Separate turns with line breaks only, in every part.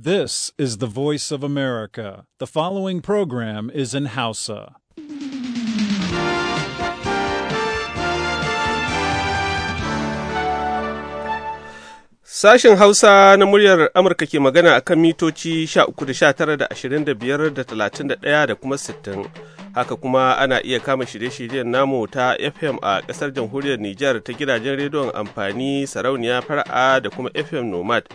This is the voice of America. The following program is in Hausa.
Sashen Hausa na muryar Amurka ke magana a kan mitoci 13 da 31 da kuma 60. Haka kuma ana iya kama shirye-shiryen namu ta FM a ƙasar jamhuriyar Nijar ta gidajen rediyon amfani sarauniya fara'a da kuma FM Nomad.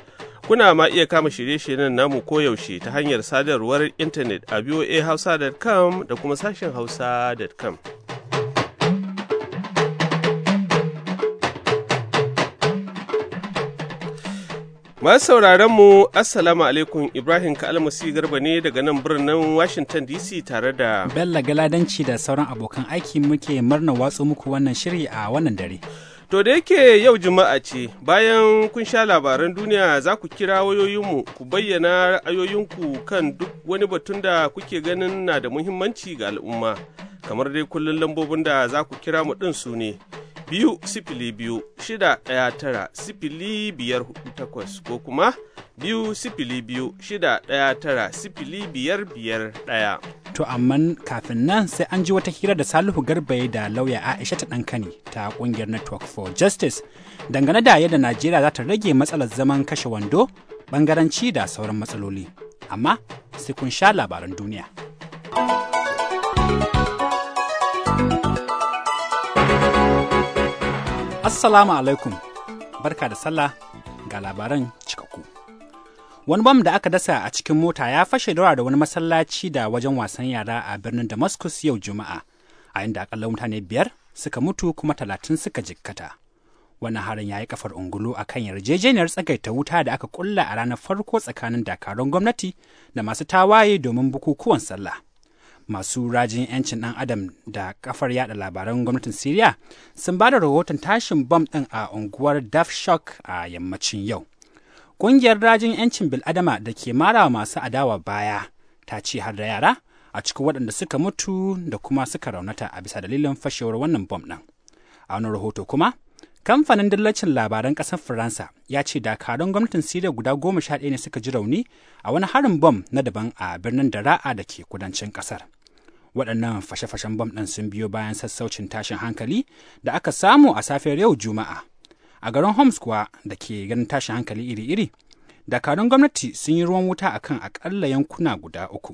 Kuna ma iya kama shirye-shiryen namu koyaushe ta hanyar sadarwar intanet a voahausa.com da kuma sashen hausa.com. Masu sauraronmu, mu Assalamu alaikum Ibrahim Kalmasi Garba ne daga nan birnin Washington DC tare da
Bella Galadanci da sauran abokan aiki muke murna watsu muku wannan shiri a wannan dare.
To da yake yau Juma'a ce, bayan kun sha labaran duniya za ku kira wayoyinmu ku bayyana ra'ayoyinku kan duk wani batun da kuke ganin na da muhimmanci ga al'umma. Kamar dai kullum lambobin da za ku kira mu ɗin su ne, biyu sifili biyu shida ɗaya tara sifili biyar hudu takwas ko kuma biyu sifili biyu shida ɗaya tara sifili biyar biyar ɗaya.
To amma kafin nan sai an ji wata hira da Salihu garba da lauya Aisha ta ɗankani ta ƙungiyar Network for Justice dangane da yadda Najeriya za ta rage matsalar zaman kashe wando, bangaranci da sauran matsaloli. Amma sai kun sha labaran duniya. Assalamu alaikum, barka da sallah ga labaran cikakku. Wani bam da aka dasa a cikin mota ya fashe daura da wani masallaci da wajen wasan yara a birnin Damascus yau Juma'a, a inda akalla mutane biyar suka mutu kuma talatin suka jikkata. Wani harin ya yi kafar ungulu a kan yarjejeniyar tsagaita wuta da aka kulla a ranar farko tsakanin dakarun gwamnati da masu tawaye domin bukukuwan sallah. masu rajin 'yancin ɗan adam da kafar yada labaran gwamnatin Siriya sun ba da rahoton tashin bom ɗin a unguwar Dafshok a yammacin yau. Ƙungiyar rajin 'yancin bil'adama da ke mara masu adawa baya ta ce har da yara a cikin waɗanda suka mutu da kuma suka raunata a bisa dalilin fashewar wannan bom ɗin. A wani rahoto kuma, Kamfanin dillacin labaran ƙasar Faransa ya ce dakarun gwamnatin Siriya guda goma sha ɗaya ne suka ji rauni a wani harin bom na daban a birnin Dara'a da ke kudancin ƙasar. Waɗannan fashe-fashen bom ɗin sun biyo bayan sassaucin tashin hankali da aka samu a safiyar yau Juma'a. A garin Homs kuwa da ke ganin tashin hankali iri-iri, dakarun gwamnati sun yi ruwan wuta akan aƙalla yankuna guda uku.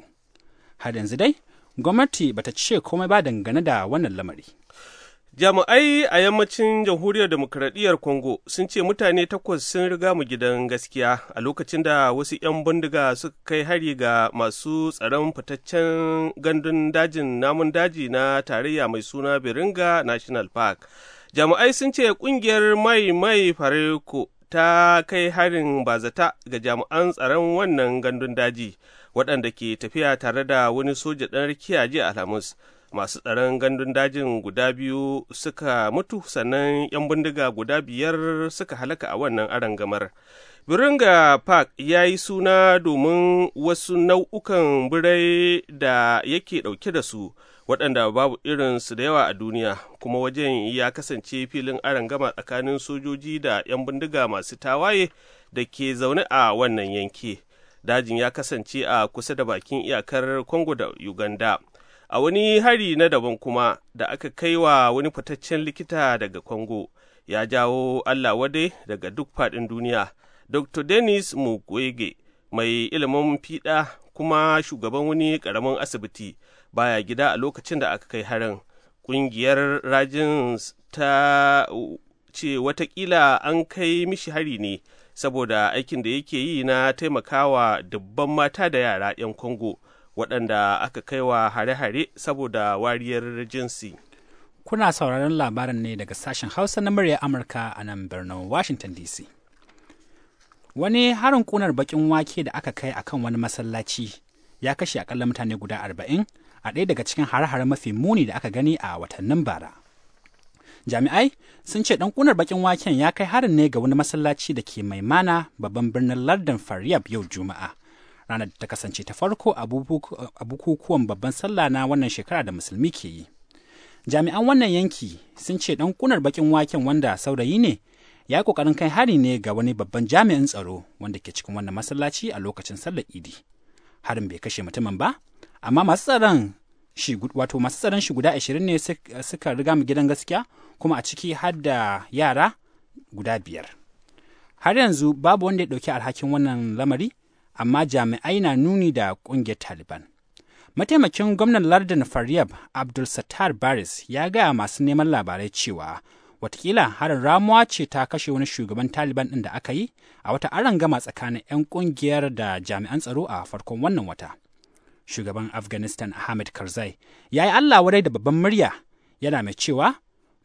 Har yanzu dai, gwamnati bata ce komai ba dangane da wannan lamari.
Jami'ai a yammacin jamhuriyar demokradiyyar Congo sun ce mutane takwas sun riga mu gidan gaskiya a lokacin da wasu 'yan bindiga suka kai hari ga masu tsaron fitaccen gandun dajin namun daji na tarayya mai suna Beringa National Park. Jami'ai sun ce ƙungiyar mai mai fareko ta kai harin bazata ga jami'an tsaron wannan gandun daji waɗanda ke tafiya tare da wani soja ɗan rikiya jiya Alhamis. masu tsaron gandun dajin guda biyu suka mutu sannan 'yan bindiga guda biyar suka halaka a wannan gamar. biringa park ya yi suna domin wasu nau'ukan birai da yake ɗauke da su waɗanda babu irinsu da yawa a duniya kuma wajen ya kasance filin gama tsakanin sojoji da 'yan bindiga masu tawaye da ke zaune a wannan yanki dajin ya kasance a kusa da bakin iyakar Kongo da uganda A wani hari na daban kuma da aka kai wa wani fitaccen likita daga Congo ya jawo Allah wadai daga duk faɗin duniya. Dr. Dennis mugwege mai ilimin fiɗa kuma shugaban wani ƙaramin asibiti baya gida a lokacin da aka kai harin. Ƙungiyar rajin ta ce watakila an kai mishi hari ne saboda aikin da yake yi na taimakawa dubban mata da yara 'yan Congo waɗanda aka kaiwa hare-hare saboda wariyar jinsi.
Kuna sauraron labarin ne daga sashen Hausa na murya Amurka a nan birnin Washington DC. Wani harin ƙunar baƙin wake da aka kai akan wani masallaci ya kashe akalla mutane guda arba'in a ɗaya daga cikin hare-hare mafi muni da aka gani a watannin bara. Jami'ai sun ce ɗan ƙunar bakin waken ya kai harin ne ga wani masallaci da ke mai mana babban birnin Lardin Faryab yau Juma'a. ranar da ta kasance ta farko a bukukuwan babban sallah na wannan shekara da musulmi ke yi. Jami'an wannan yanki sun ce ɗan kunar bakin waken wanda saurayi ne ya kokarin kai hari ne ga wani babban jami'in tsaro wanda ke cikin wannan masallaci a lokacin sallar idi harin bai kashe mutumin ba amma masu tsaron shi wato masu tsaron shi guda ashirin ne suka riga mu gidan gaskiya kuma a ciki har da yara guda biyar har yanzu babu wanda ya ɗauki alhakin wannan lamari amma jami'ai na nuni da ƙungiyar Taliban. Mataimakin gwamnan lardin Faryab Abdul Sattar Baris ya gaya masu neman labarai cewa watakila harin ramuwa ce ta kashe wani shugaban Taliban ɗin da aka yi a wata aron gama tsakanin 'yan ƙungiyar da jami'an tsaro a farkon wannan wata. Shugaban Afghanistan Ahmed Karzai ya yi Allah wadai da babban murya yana mai cewa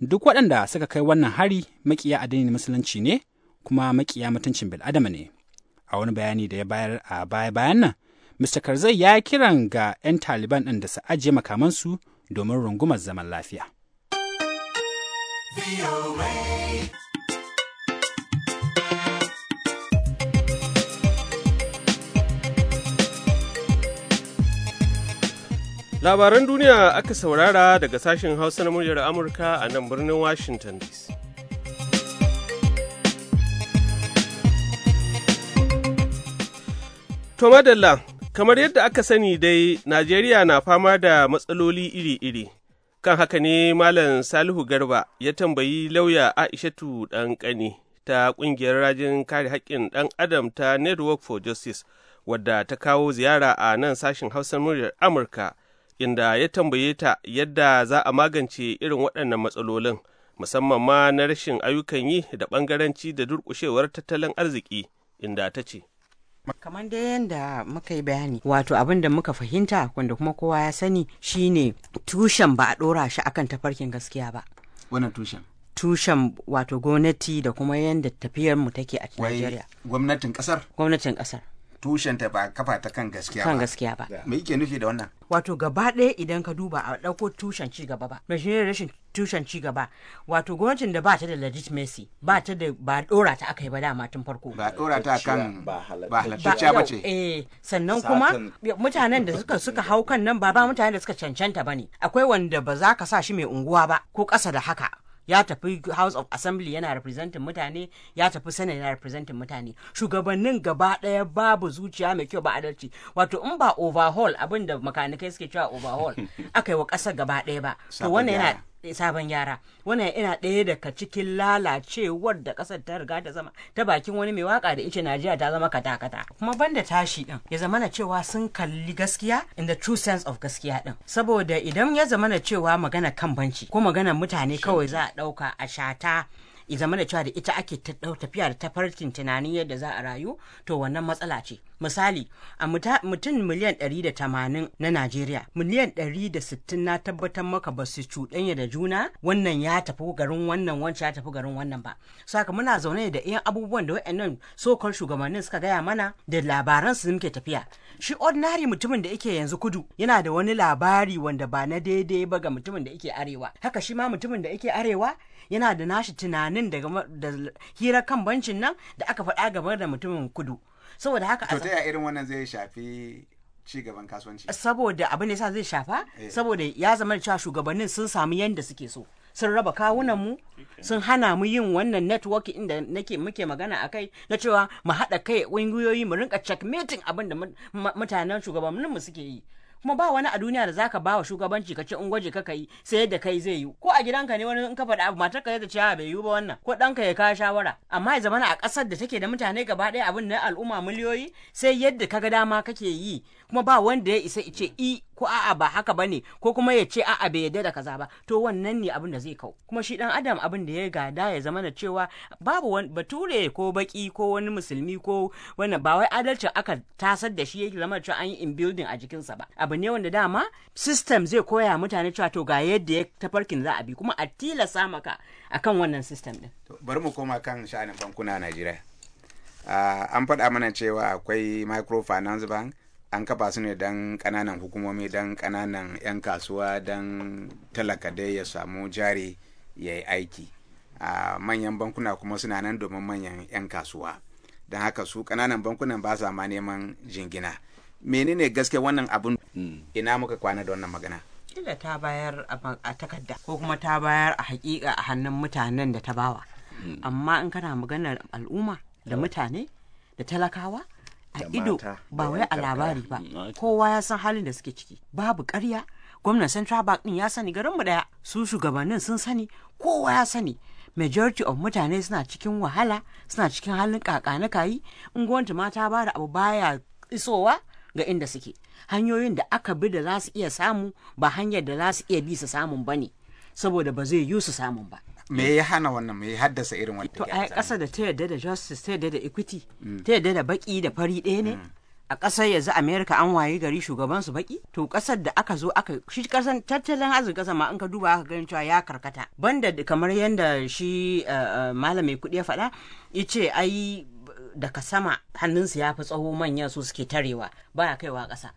duk waɗanda suka kai wannan hari makiya addinin musulunci ne kuma makiya mutuncin bil'adama ne. a wani bayani da ya bayar a baya bayan nan mr karzai ya kiran ga 'yan taliban ɗin da su ajiye makamansu domin rungumar zaman lafiya
Labaran duniya aka saurara daga sashen Hausa na muryar Amurka a nan birnin Washington DC. To madalla, kamar yadda aka sani dai, Najeriya na fama da matsaloli iri-iri. Kan haka ne Malam Salihu Garba ya tambayi lauya Aishatu Ɗanƙani ta ƙungiyar rajin kare haƙƙin ɗan adam ta Network for Justice, wadda ta kawo ziyara a nan sashen Hausa muryar Amurka, inda ya tambaye ta yadda za a magance irin waɗannan matsalolin, musamman ma na rashin ayyukan yi da ɓangaranci da durƙushewar tattalin arziki, inda ta ce.
kamar dai yadda muka yi bayani wato abin da muka fahimta wanda kuma kowa ya sani shine tushen ba a ɗora shi akan tafarkin gaskiya ba wannan tushen tushen wato gwamnati da kuma yadda tafiyar mu take a Najeriya gwamnatin kasar gwamnatin kasar tushenta ba kafa ta kan gaskiya ba kan gaskiya ba me yake nufi da wannan wato gaba ɗaya idan ka duba a ɗauko tushen ci gaba ba me shine rashin tushen ci gaba wato gwamnatin da ba ta da legitimacy ba ta da ba dora ta aka yi ba dama tun farko ba dora ta kan
ba halattacciya ba ce
eh sannan kuma mutanen da suka suka hau kan nan ba ba mutanen da suka cancanta bane akwai wanda ba za ka sa shi mai unguwa ba ko ƙasa da haka ya tafi house of assembly yana representin mutane ya tafi senate yana representin mutane shugabannin gaba ɗaya babu zuciya mai kyau ba adalci wato in ba overhaul abin da makanikai suke cewa overhaul aka yi wa ƙasa gaba ɗaya ba to wannan yana sabon yara wannan ina ɗaya daga cikin lalacewar da ƙasar ta riga ta zama ta bakin wani mai waka da ice najeriya ta zama kata-kata kuma banda tashi ɗin ya zamana cewa sun kalli gaskiya in the true sense of gaskiya ɗin saboda idan ya zama na cewa magana kan banci ko magana mutane kawai za a ɗauka a shata i zama da cewa da ita ake tafiya da tafarkin tunanin yadda za a rayu to wannan matsala ce misali a mutum miliyan 180 na najeriya miliyan 160 na tabbatar maka ba su cuɗanya da juna wannan ya tafi garin wannan wancan ya tafi garin wannan ba saka muna zaune da iyan abubuwan da wa'annan sokar shugabannin suka gaya mana da labaran su muke tafiya shi ordinary mutumin da yake yanzu kudu yana da wani labari wanda ba na daidai ba ga mutumin da yake arewa haka shi ma mutumin da yake arewa yana da nashi tunanin da hira kan bancin nan da aka faɗa gaba da mutumin kudu saboda haka to ta
irin wannan zai shafi ci gaban kasuwanci
saboda abin da sa zai shafa eh. saboda ya zama da cewa shugabannin sun samu yanda suke so sun raba kawunan mu sun hana mu yin wannan network inda nake muke magana a kai na cewa mu haɗa kai ƙungiyoyi mu rinka checkmating abin da mutanen shugabannin mu suke yi kuma ba wani a duniya da zaka ba wa shugabanci ka ce in gwaji ka kai sai yadda kai zai yi ko a gidanka ne wani in ka faɗa abu matar ka yadda cewa bai yiwu ba wannan ko ɗanka ya kawo shawara amma ya zamana a ƙasar da take da mutane gaba ɗaya abin na al'umma miliyoyi sai yadda ka ga dama kake yi kuma ba wanda ya isa ice i ko a'a ba haka ba ne ko kuma ya ce a'a bai yadda da kaza ba to wannan ne abin da zai kau kuma shi dan adam abin da ya gada ya zama na cewa babu wani bature ko baki ko wani musulmi ko wani ba wai adalci aka tasar da shi yake zama cewa an yi in building a jikin sa ba abu ne wanda dama system zai koya mutane cewa to ga yadda ya tafarkin za a bi kuma a tilasa maka akan wannan system din bari
mu koma kan sha'anin bankuna a Najeriya ah, an faɗa mana cewa akwai microfinance bank an kafa su ne don kananan hukumomi don kananan 'yan kasuwa don talaka dai ya samu jari ya yi aiki a manyan bankuna kuma suna nan domin manyan 'yan kasuwa don haka su kananan bankunan ba sa ma neman jingina menene gaske wannan abun hmm. ina muka kwana da wannan magana
kila ta bayar a takarda ko kuma ta bayar a hakika a hannun mutanen da ta bawa hmm. amma in kana maganar al'umma da mutane da talakawa a ido ba wai a labari ba kowa ya san halin da suke ciki babu karya gwamnan central bank din ya sani garinmu daya su shugabannin sun sani kowa ya sani majority of mutane suna cikin wahala suna cikin halin kakana kayi in gwamnati ma ta bada abu baya isowa ga inda suke hanyoyin da aka bi da za su iya samu ba hanyar da za su iya bi su samun ba ne saboda ba zai yi su samun ba me ya hana wannan me ya haddasa irin wannan to a ƙasa da ta yadda da justice ta yadda da equity mm. ta yadda da baki da fari ɗaya ne mm. a ƙasar yanzu america an waye gari shugaban su baki to ƙasar da aka zo aka shi ƙasar tattalin arzikin ƙasar ma an ka duba aka ganin cewa ya karkata banda kamar yadda shi eh, eh, malami kuɗi ya faɗa yace ai daga sama hannunsu ya fi tsawo manyan su suke tarewa baya kaiwa ƙasa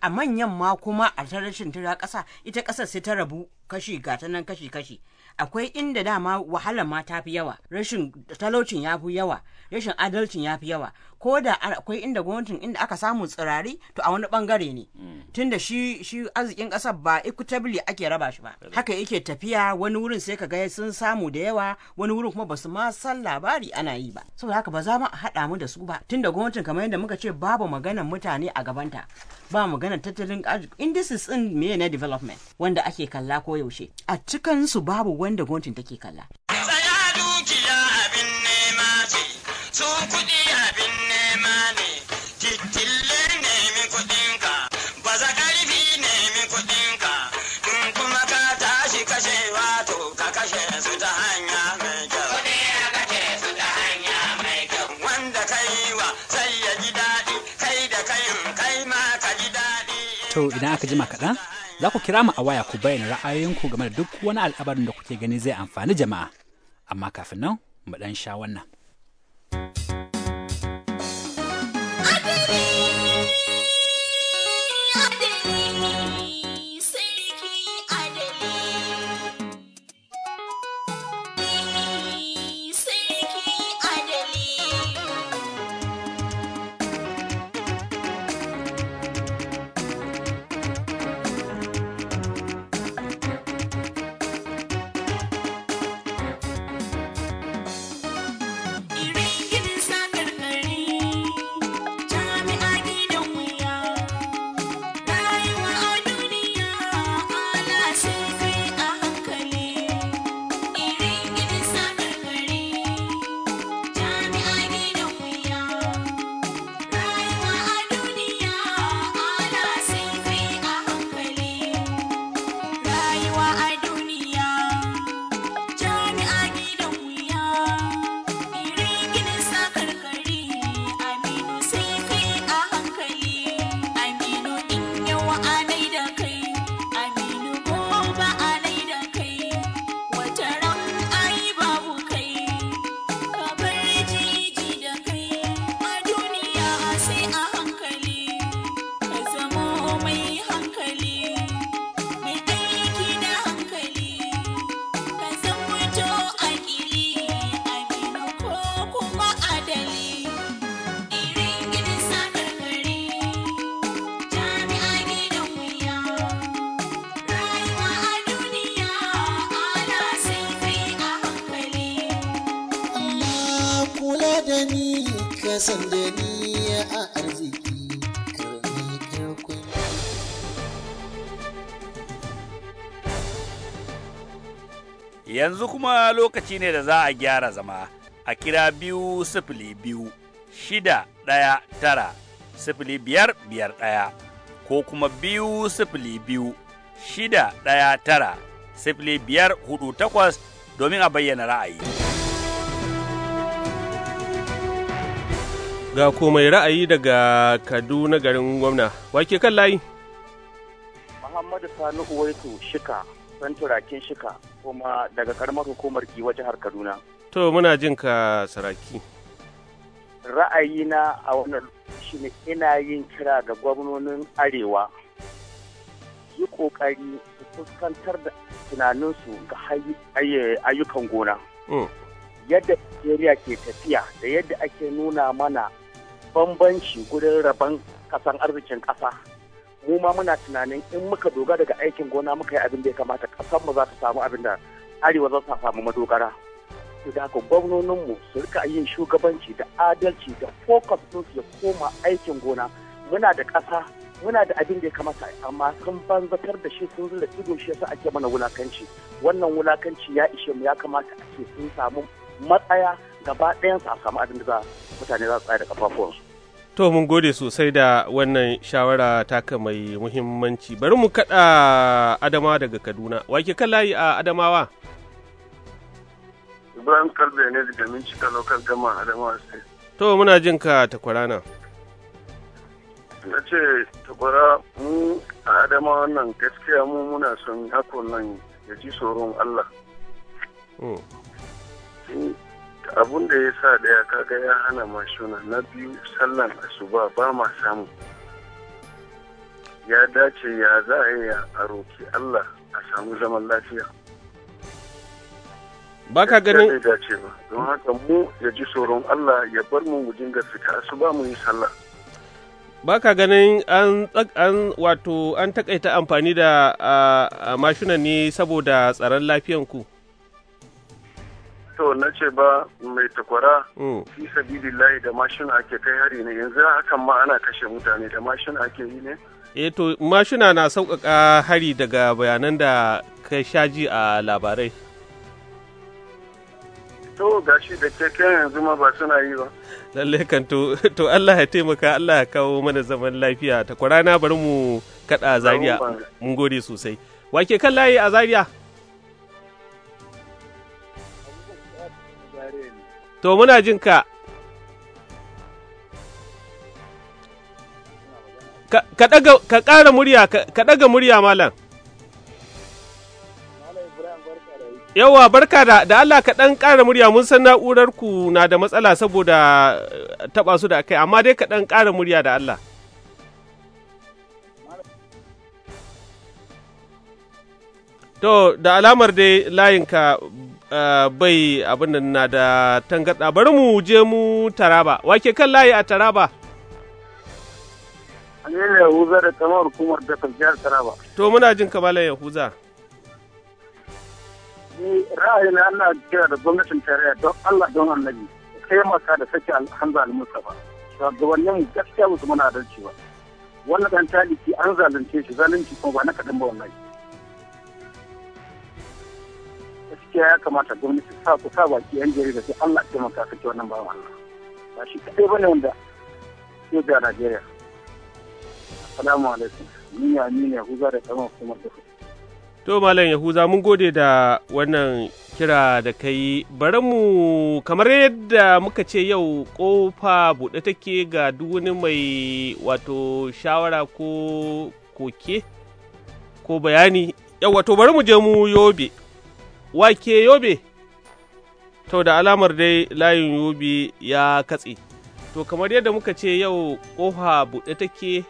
a manyan ma kuma a tarashin tura ƙasa ita ƙasar sai ta rabu kashi gata nan kashi kashi akwai inda dama wahalar ma ta fi yawa rashin talaucin ya fi yawa rashin adalcin ya fi yawa ko da akwai inda gwamnatin inda aka samu tsirari to a wani bangare ne mm. tunda shi shi arzikin kasar ba equitably ake raba shi ba haka yake tafiya wani wurin sai ka ga sun samu da yawa wani wurin kuma basu ma san labari ana yi ba saboda haka ba za mu haɗa mu da su ba tunda gwamnatin kamar yadda muka ce babu maganar mutane a gabanta ba maganar tattalin arziki indices din me na development wanda ake kalla ko yaushe a cikin su babu wanda gwamnatin take kalla tsaya
dukiya abin nema ce sun kuɗi abin
To idan aka jima kaɗan, za ku kira mu a waya ku bayyana ra'ayoyinku game da duk wani al'abarin da kuke gani zai amfani jama'a. Amma kafin nan, mu ɗan sha wannan. yanzu kuma lokaci ne da za a gyara zama a kira biyu sifili biyu shida ɗaya tara sifili biyar biyar ɗaya ko kuma biyu sifili biyu shida ɗaya tara sifili biyar hudu takwas domin a bayyana ra'ayi.
Ga komai ra'ayi daga Kaduna garin gwamna, wake kan layi?
Muhammadu Sani Uwaitu Shika. turakin shika kuma daga karamar hukumar giwa jihar kaduna
to muna jin ka saraki
ra'ayina a wannan lokaci ne ina yin kira ga gwamnonin arewa yi kokari su fuskantar da tunaninsu ga ayyukan gona mm. yadda nigeria ke tafiya da yadda ake nuna mana bambanci gudun rabon kasan arzikin ƙasa mu ma muna tunanin in muka dogara daga aikin gona muka yi abin da ya kamata kasar mu za ta samu abin da arewa za ta samu madogara to da haka gwamnoninmu su rika yin shugabanci da adalci da focus din su ya koma aikin gona muna da ƙasa muna da abin da ya kamata amma sun banzatar da shi sun zura ido shi yasa ake mana wulakanci wannan wulakanci ya ishe mu ya kamata a ce sun samu matsaya gaba ɗayan su a samu abin da mutane za su tsaya da kafafuwansu
To mun gode sosai da wannan shawara taka mai muhimmanci. Bari mu kaɗa Adama daga Kaduna. Wake kan layi a Adamawa?
Ibrahim Kalbe ne daga Mincika Local Gama Adamawa State.
To muna jin ka takwarana.
Na ce takwara mu a Adamawa nan gaskiya mu muna son hakon nan ya ji tsoron Allah. Mm. abun da ya sa daya kaga ya hana mashuna na biyu sallan asuba ba ma samu ya dace ya za a yi a roki Allah a samu zaman lafiya
ba ka ganin dace ba
don haka mu ya ji tsoron Allah ya bar mu dinga fita asuba mu yi sallah
ba ka ganin an an wato an takaita amfani da mashuna ne saboda tsaron lafiyanku ku
to na ce ba mai takwara mm. fi layi da mashina ake kai hari ne yanzu hakan ma ana kashe mutane da mashina ake yi ne
E, to mashina na sauƙaƙa hari daga bayanan da kai shaji a labarai
to gashi da keken yanzu ma ba suna yi ba
lalle kan to to Allah ya taimaka Allah ya kawo mana zaman lafiya ta kwarana bari mu kada zaria mun gode sosai wake kan layi a zaria to muna jin ka. Ka ƙara murya, ka ɗaga murya malam. Yawa barka da da Allah ka ɗan ƙara murya mun san na'urar ku na da matsala saboda eh, taɓa su da kai amma dai ka ɗan ƙara murya da Allah. To da alamar dai layinka Eh, bai abin da na da tangarɗa bari mu je mu taraba wake kan layi a taraba
Aminu Yahuza da kamar hukumar da jihar Taraba.
To muna jin kamalan Yahuza.
ra'ayi ra'ayina ana kira da gwamnatin tarayya don Allah don
annabi taimaka da sake alhamza al-Mustapha. Shugabannin gaskiya musu muna adalci ba.
Wannan dan taliki an zalunce shi zalunci kuma ba na kaɗan ba wallahi. gaskiya ya kamata gwamnati sa ku sa baki yan jarida sai Allah ya
taimaka ka ci wannan bawan Allah ba shi kadai bane wanda ke da Najeriya
assalamu alaikum ni ya ni ne huza da kamar kuma da
To Malam Yahuza mun gode da wannan kira da kai bari mu kamar yadda muka ce yau kofa buɗe take ga duk wani mai wato shawara ko koke ko bayani yau wato bari mu je mu yobe wake yobe to da alamar dai layin yobe ya katse to kamar yadda muka ce yau ƙofa buɗe take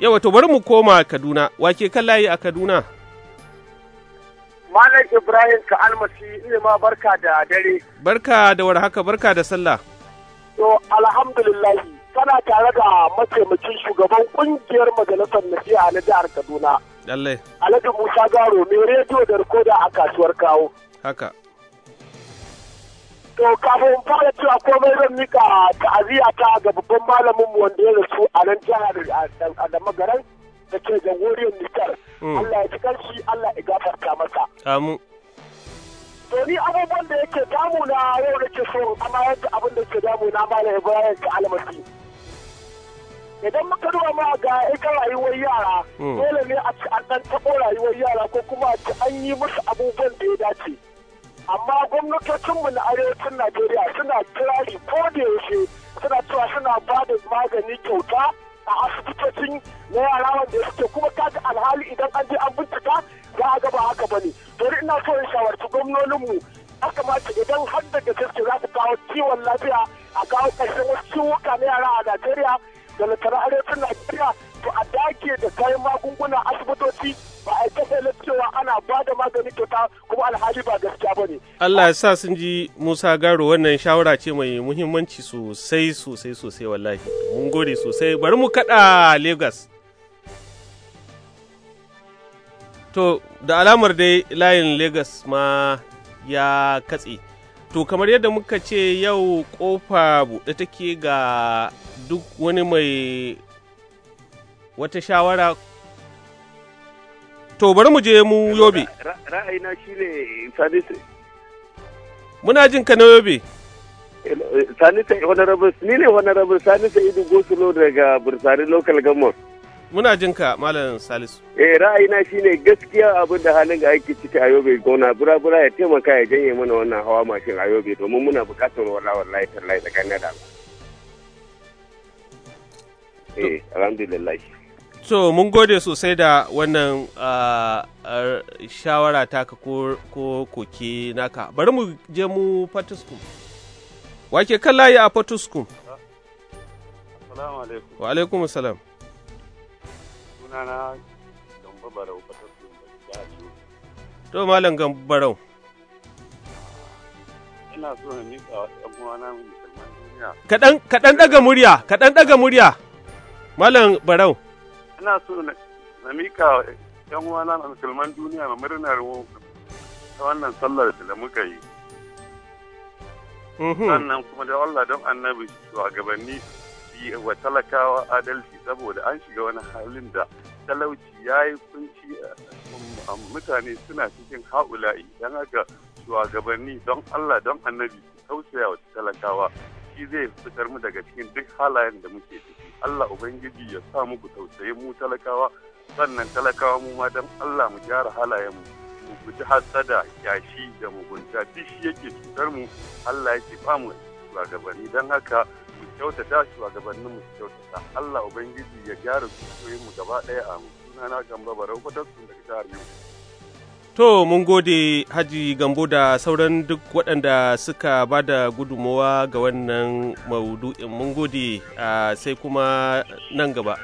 Yau to bari mu koma kaduna wake kan layi a kaduna
Malam Ibrahim ka almasi ne ma barka da dare.
Barka da warhaka barka da sallah.
To alhamdulillah kana tare da mataimakin shugaban kungiyar majalisar nasiha na jihar Kaduna. Lallai. Alhaji Musa Garo mai rediyo da rikoda a kasuwar kawo. Haka. To kafin fara cewa komai zan mika ta'aziyya ta ga babban malamin mu wanda ya rasu a nan jihar Adamagaran da ke jamhuriyar Nijar. Mm. Allah ya ci kanshi Allah ya gafarta masa. Amu. To ni abubuwan da yake damuna yau ke so amma yadda abin da ke damuna ya Ibrahim ta almasi. idan muka duba ma ga ita rayuwar yara hmm. dole ne a ci an dan tabo rayuwar yara ko kuma a ci an yi musu abubuwan da ya dace amma gwamnatocinmu na arewacin najeriya suna kirari ko da yaushe suna cewa suna ba da magani kyauta a asibitocin na yara wanda suke kuma kaga alhali idan an je an bincika za a gaba haka ba ne to ina so in shawarci mu ya kamata idan har da gaske za su kawo kiwon lafiya a kawo ƙarshen wasu ciwuka na yara a najeriya talakar arewacin Najeriya to a dake da kayan magunguna asibitoci ba a kasa cewa ana ba da magani kyauta kuma alhali ba gaskiya ba ne.
Allah ya sa sun ji Musa Garo wannan shawara ce mai muhimmanci sosai sosai sosai wallahi. Mun gode sosai bari mu kaɗa Lagos. To da alamar dai layin Lagos ma ya katse. To kamar yadda muka ce yau kofa buɗe take ga duk wani mai wata shawara to bari mu je mu yobe
ra'ayina shine salisu
muna jin ka na yobe
eh, eh, salisu honorable ni ne honorable salisu idu gosulo daga bursari local government
muna jin ka malam salisu
eh ra'ayina shine gaskiya abin da halin da ake ciki a yobe gona bura-bura ya taimaka ya janye mana wannan hawa mashin a yobe domin muna bukatar
wallahi wallahi tallahi tsakanin da eh
alhamdulillah
so mun gode sosai da wannan ah, ah, shawara ka ko koke naka bari mu je mu fatuskum wake kan layi a fatuskum wa alaikum salam barau to malam gambarau barau
ina so na miƙa wa ɗan uwana musulman duniya
kaɗan ɗaga murya kaɗan ɗaga murya Malam Barau.
Ina so na mika ‘yan uwana na musulman duniya na murnar ta wannan sallar da muka yi.
Mhm. Sannan
kuma da Allah don annabi shugabanni wa talakawa adalci saboda an shiga wani halin da talauci ya yi kunci mutane suna cikin ha'ula'i don haka shugabanni don Allah don annabi tausaya wa talakawa shi zai fitar mu daga cikin duk halayen da muke ciki. Allah Ubangiji ya sa muku tausayin mu talakawa sannan talakawa mu ma dan Allah mu gyara halayen mu mu guji hasada yashi da mugunta duk shi yake cutar mu Allah yake ba mu shugabanni dan haka mu kyautata shugabannin mu kyautata Allah Ubangiji ya gyara zuciyoyin mu gaba ɗaya a mu sunana Gambo Barau Fatasku daga jihar Yobe
To, mun gode Haji Gambo da sauran duk waɗanda suka ba da gudunmawa ga wannan maudu'in mun gode sai kuma nan gaba.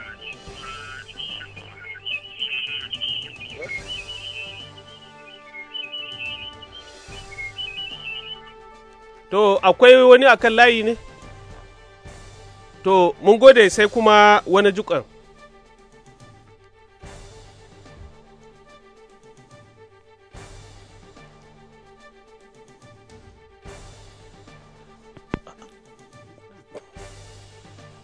To, akwai wani akan layi ne? To, mun gode sai kuma wani jukan.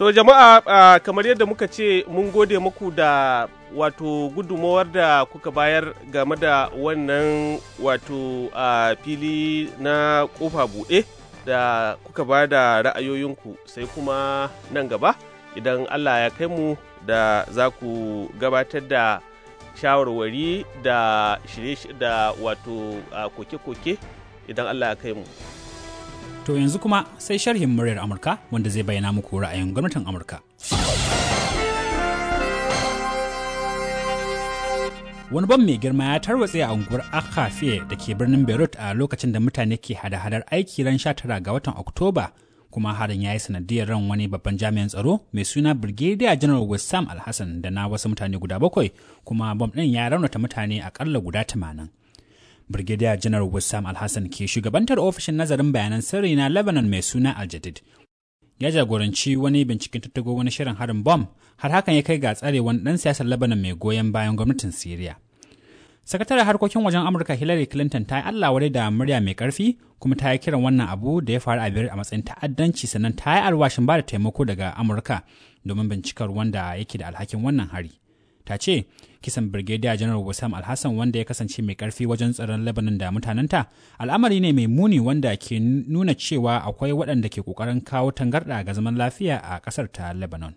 To jama'a kamar yadda muka ce mun gode muku da wato gudumawar da kuka bayar game da wannan wato fili na kofa buɗe da kuka ba da ra'ayoyinku sai kuma nan gaba idan Allah ya kai mu da za ku gabatar da shawarwari da shirye da wato koke-koke idan Allah ya kai mu.
To yanzu kuma sai sharhin muryar Amurka wanda zai bayyana muku ra'ayin gwamnatin Amurka. Wani bam mai girma ya tarwatse a unguwar Akhafiye da ke birnin Beirut a lokacin da mutane ke hada-hadar aiki ran 19 ga watan Oktoba kuma harin ya yi sanadiyar ran wani babban jami'in tsaro mai suna Brigadier General Wissam Alhassan da na wasu mutane guda bakwai kuma bom ɗin ya raunata mutane akalla guda tamanin. Brigadier General wussam Alhassan ke shugabantar ofishin nazarin bayanan sirri na Lebanon mai suna Aljadid. Ya jagoranci wani binciken tattago wani shirin harin bom har hakan ya kai ga tsarewan ɗan siyasar Lebanon mai goyon bayan gwamnatin Siriya. Sakataren harkokin wajen Amurka Hillary Clinton ta yi Allah wadai da murya mai ƙarfi kuma ta yi kiran wannan abu da ya faru a biyar a matsayin ta'addanci sannan ta yi alwashin ba da taimako daga Amurka domin bincikar wanda yake da alhakin wannan hari. ta ce kisan Brigadier General wasam Alhassan wanda ya kasance mai karfi wajen tsaron Lebanon da mutanenta al'amari ne mai muni wanda ke nuna cewa akwai waɗanda ke ƙoƙarin kawo tangarɗa ga zaman lafiya a ƙasar ta Lebanon.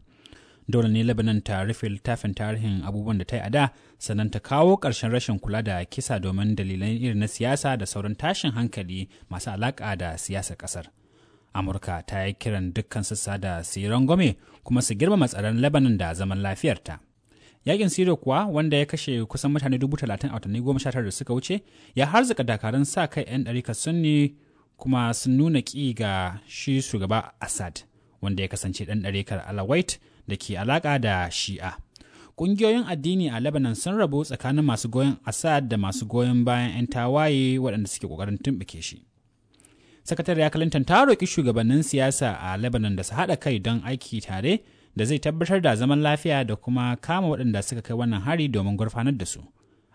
Dole ne Lebanon ta rufe littafin tarihin abubuwan da ta yi a da sannan ta kawo ƙarshen rashin kula da kisa domin dalilan irin na siyasa da sauran tashin hankali masu alaƙa da siyasar ƙasar. Amurka ta yi kiran dukkan sassa da su yi rangwame kuma su girmama tsaron Lebanon da zaman lafiyarta. Yakin siro kuwa wanda ya kashe kusan mutane dubu a watanni goma sha da suka wuce ya harzuka dakarun sa kai 'yan ɗari sunni kuma sun nuna ƙi ga shi shugaba Assad wanda ya kasance ɗan ɗarikar Alawait da ke alaƙa da Shi'a. Ƙungiyoyin addini a Lebanon sun rabu tsakanin masu goyon Assad da masu goyon bayan 'yan tawaye waɗanda suke ƙoƙarin tumɓuke shi. ya Clinton ta roƙi shugabannin siyasa a Lebanon da su haɗa kai don aiki tare da zai tabbatar da zaman lafiya da kuma kama waɗanda suka kai wannan hari domin gurfanar da su.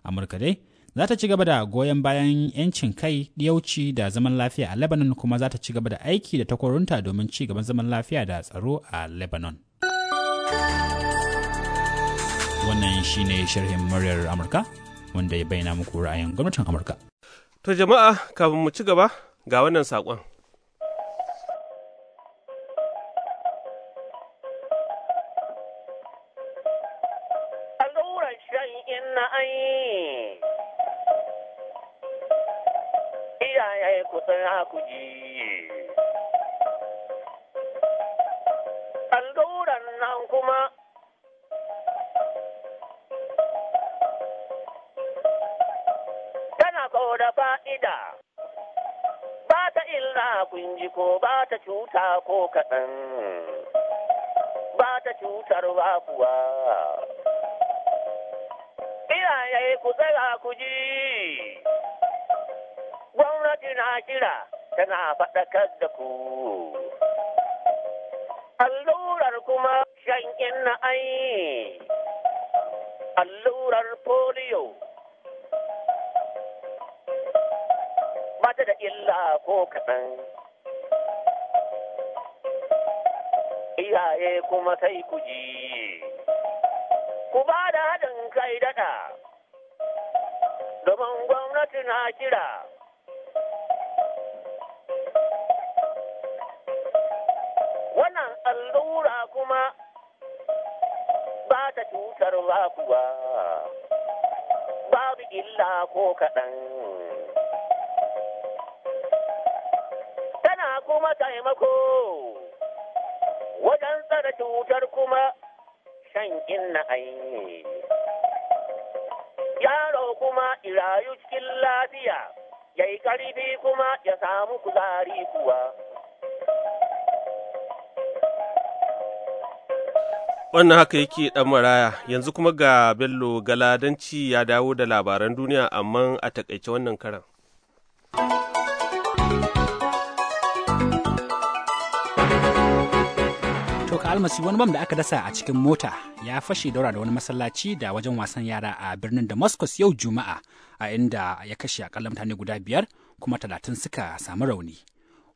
Amurka dai za ta ci gaba da goyon bayan 'yancin kai, yauci da zaman lafiya a Lebanon kuma za ta ci gaba da aiki da takwarunta domin ci gaban zaman lafiya da tsaro a Lebanon. Wannan shine sharhin muryar Amurka wanda ya bayyana muku ra'ayin gwamnatin Amurka.
To jama'a kafin mu ci gaba ga wannan saƙon.
kusan haku ji. Alluran nan kuma tana da fa'ida, ba ta illa kunji ko ba ta cuta ko kaɗan, ba ta cutar ba kuwa. Iyaye ku tsaya ku ji. na kira tana faɗakar da ku. Allurar kuma shankin na ai, allurar polio. Mata da illa ko kaɗan. Iyaye kuma sai ku ji. Ku bada da haɗin kai daɗa, domin gwamnati na kira. allura kuma ba ta cutar ba kuwa babu illa ko kaɗan tana kuma taimako wajen tsare cutar kuma shan inna ainihi yaro kuma irayu cikin lafiya ya yi kuma ya samu kuzari kuwa
Wannan haka yake ɗan maraya yanzu kuma ga Bello Galadanci ya dawo da labaran duniya amma a takaice wannan karan.
Toka almasi wani bam da aka dasa a cikin mota ya fashe daura da wani masallaci da wajen wasan yara a birnin Damascus yau Juma'a a inda ya kashe akalla mutane guda biyar kuma talatin suka samu rauni.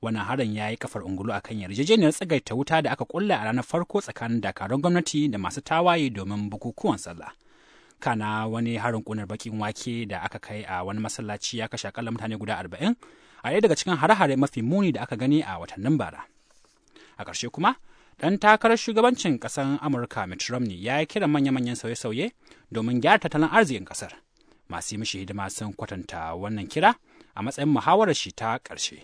wannan harin ya yi kafar ungulu a kan yarjejeniyar tsagaita wuta da aka kulla a ranar farko tsakanin dakarun gwamnati da masu tawaye domin bukukuwan sallah kana wani harin kunar bakin wake da aka kai a wani masallaci ya kashe akalla mutane guda arba'in a ɗaya daga cikin hare-hare mafi muni da aka gani a watannin bara a ƙarshe kuma ɗan takarar shugabancin ƙasar amurka mitt romney ya yi kiran manya-manyan sauye-sauye domin gyara tattalin arzikin ƙasar masu yi mishi hidima sun kwatanta wannan kira a matsayin muhawarar shi ta ƙarshe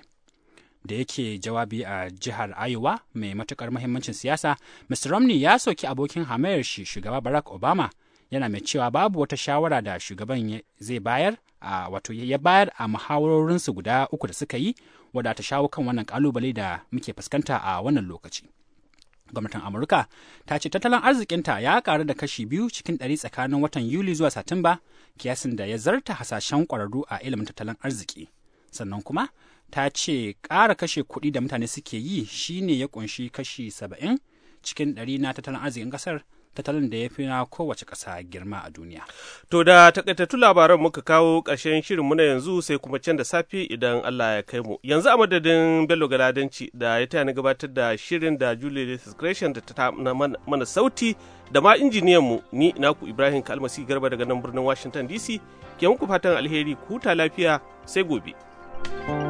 da yake jawabi a jihar Iowa mai matukar muhimmancin siyasa, Mr. Romney ya soki abokin hamayar shi shugaba Barack Obama yana mai cewa babu wata shawara da shugaban zai bayar a wato ya bayar a muhawarorinsu guda uku da suka yi wadata shawo kan wannan kalubale da muke fuskanta a wannan lokaci. gwamnatin amurka ta ce tattalin arzikinta ya karu da kashi biyu cikin ɗari tsakanin watan yuli zuwa satumba kiyasin da ya zarta hasashen ƙwararru a ilimin tattalin arziki sannan kuma ta ce ƙara kashe kuɗi da mutane suke yi shine ya ƙunshi kashi saba'in cikin ɗari na tattalin arzikin ƙasar tattalin da ya fi na kowace ƙasa girma a duniya.
To da takaitattu labaran muka kawo ƙarshen shirin muna yanzu sai kuma can da safe idan Allah ya kai mu. Yanzu a madadin Bello Galadanci da ya taya na gabatar da shirin da Julie Discretion da ta mana sauti da ma injiniyan mu ni naku Ibrahim Kalmasi Garba daga nan birnin Washington DC ke muku fatan alheri ku ta lafiya sai gobe. thank you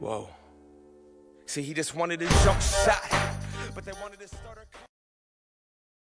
Whoa.
See, he just wanted a jump shot,
but they wanted to start a